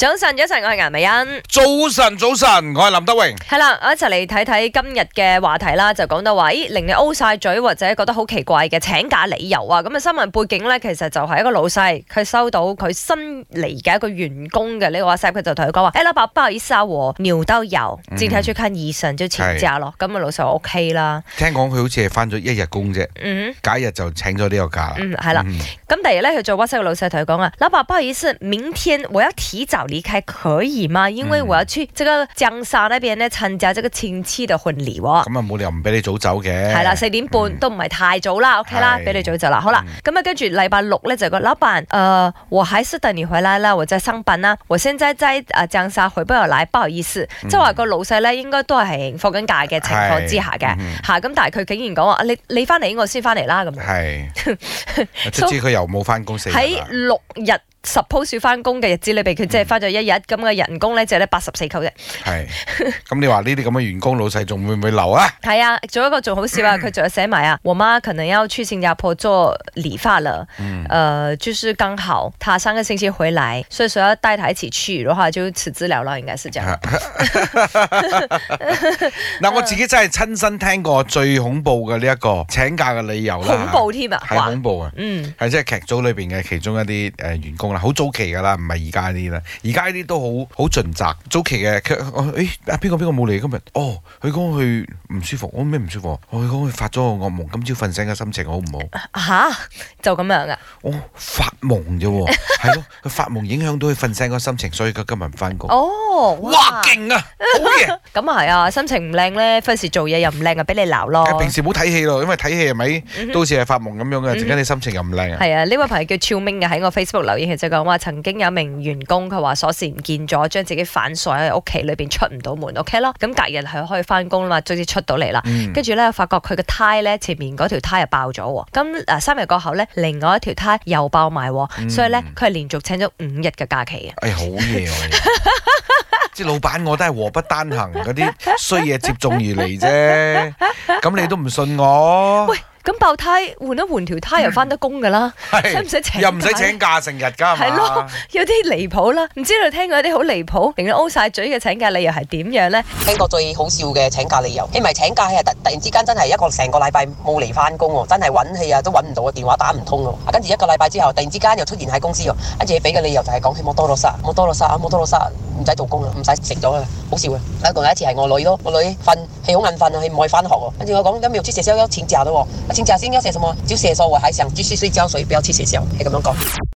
早晨，早晨，我係顏美欣。早晨，早晨，我係林德榮。係啦，我一齊嚟睇睇今日嘅話題啦，就講到話，令你 O 曬嘴或者覺得好奇怪嘅請假理由啊。咁啊，新聞背景咧，其實就係一個老細，佢收到佢新嚟嘅一個員工嘅呢個 WhatsApp，佢就同佢講話：，誒、哎，老伯，不好意思啊，我尿道有，今出去看醫生就請假咯。咁啊，老細話 O K 啦。聽講佢好似係翻咗一日工啫，假日就請咗呢個假。嗯，係啦，咁第二日咧，佢做 WhatsApp 老細同佢講啊，老伯，不好意思，明天我要早。離開可以嗎？因為我要去即個江沙呢邊咧參加這個親戚的婚禮喎。咁啊，冇理由唔俾你早走嘅。係啦，四點半都唔係太早啦，OK 啦，俾你早走啦。好啦，咁啊跟住禮拜六咧就個老闆，誒，我還是等你回來啦，我在上班啦，我現在在誒江沙，回不來不好意思，即係話個老細咧應該都係放緊假嘅情況之下嘅吓，咁但係佢竟然講話，你你翻嚟我先翻嚟啦咁。係，甚至佢又冇翻工四。喺六日。十 p u s 翻工嘅日子，你俾佢即係翻咗一日咁嘅人工咧，就咧八十四扣啫。係，咁你話呢啲咁嘅員工老細仲會唔會留啊？係啊，仲有一個最好怖嘅，佢仲有做埋啊？我媽可能要去新加坡做理髮了，誒，就是剛好，他上個星期回來，所以所要帶他一起去嘅話，就去治療咯，應該是咁。嗱，我自己真係親身聽過最恐怖嘅呢一個請假嘅理由啦，恐怖添啊，太恐怖啊，嗯，係即係劇組裏邊嘅其中一啲誒員工。好早期噶啦，唔係而家呢啲啦。而家呢啲都好好盡責。早期嘅佢，誒，邊個邊個冇嚟今日？哦，佢講佢唔舒服，我咩唔舒服？佢講佢發咗個噩夢，今朝瞓醒嘅心情好唔好？吓，就咁樣噶？我發夢啫，係咯，發夢影響到佢瞓醒個心情，所以佢今日唔翻工。哦，哇，勁啊，好嘢，咁啊係啊，心情唔靚咧，費事做嘢又唔靚啊，俾你鬧咯。平時冇睇戲咯，因為睇戲係咪到時係發夢咁樣嘅，陣間你心情又唔靚啊？係啊，呢位朋友叫超明嘅，喺我 Facebook 留言嘅。就講話曾經有名員工，佢話鎖匙唔見咗，將自己反鎖喺屋企裏邊出唔到門，OK 咯。咁隔日係可以翻工啦嘛，終於出到嚟啦。跟住咧，發覺佢個胎咧，前面嗰條胎又爆咗。咁嗱，三日過後咧，另外一條胎又爆埋。嗯、所以咧，佢係連續請咗五日嘅假期啊。哎，好嘢喎！即係 老闆我都係禍不單行而而，嗰啲衰嘢接踵而嚟啫。咁你都唔信我？咁爆胎換一換一條胎又翻得工噶啦，使唔使請？又唔使請假成日㗎？係咯，有啲離譜啦，唔知你聽過一啲好離譜，定係 O 晒嘴嘅請假理由係點樣咧？聽過最好笑嘅請假理由，你唔係請假，佢係突突然之間真係一個成個禮拜冇嚟翻工喎，真係揾佢啊都揾唔到，電話打唔通喎，跟住一個禮拜之後突然之間又出現喺公司喎，跟住俾嘅理由就係講起摩多洛沙，摩多洛沙，摩多洛沙。唔使做工啦，唔使食咗啦，好笑啊！第一、第一次係我女咯，我女瞓，佢好眼瞓啊，佢唔可以翻學喎。跟住我講，咁要出社消有請假啦喎，啊請假先有寫什麼？就寫說我還想繼續睡覺，所以不要去學校。你咁樣講。